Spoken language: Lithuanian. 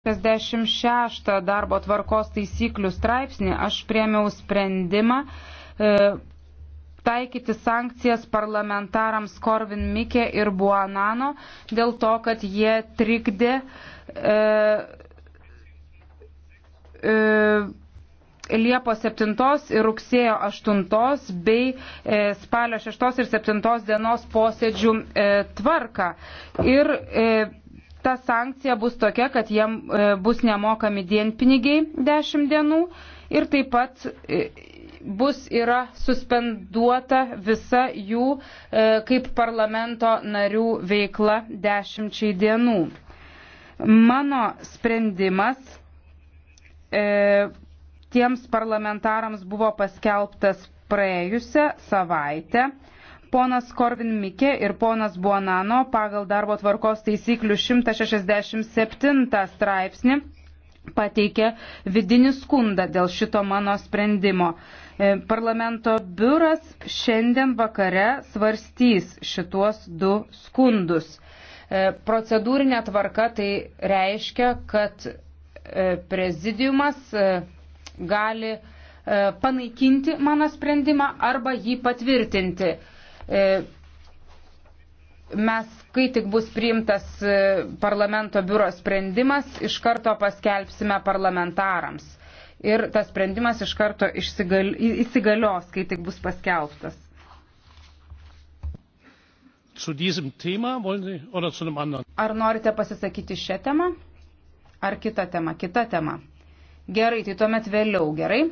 56 darbo tvarkos taisyklių straipsnį aš priemiau sprendimą e, taikyti sankcijas parlamentarams Korvin Mikė ir Buanano dėl to, kad jie trikdė e, e, Liepos 7 ir rugsėjo 8 bei e, spalio 6 ir 7 dienos posėdžių e, tvarką. Ir e, ta sankcija bus tokia, kad jiem e, bus nemokami dienpinigiai 10 dienų ir taip pat e, bus yra suspenduota visa jų e, kaip parlamento narių veikla 10 dienų. Mano sprendimas e, tiems parlamentarams buvo paskelbtas praėjusią savaitę. Ponas Korvin Mikė ir ponas Buonano pagal darbo tvarkos taisyklių 167 straipsnį pateikė vidinį skundą dėl šito mano sprendimo. E, parlamento biuras šiandien vakare svarstys šituos du skundus. E, procedūrinė tvarka tai reiškia, kad e, prezidiumas gali panaikinti mano sprendimą arba jį patvirtinti. E, mes, kai tik bus priimtas e, parlamento biuro sprendimas, iš karto paskelbsime parlamentarams. Ir tas sprendimas iš karto įsigalios, kai tik bus paskelbtas. Ar norite pasisakyti šią temą? Ar kitą temą? Kita tema. Gerai, tai tuomet vėliau, gerai?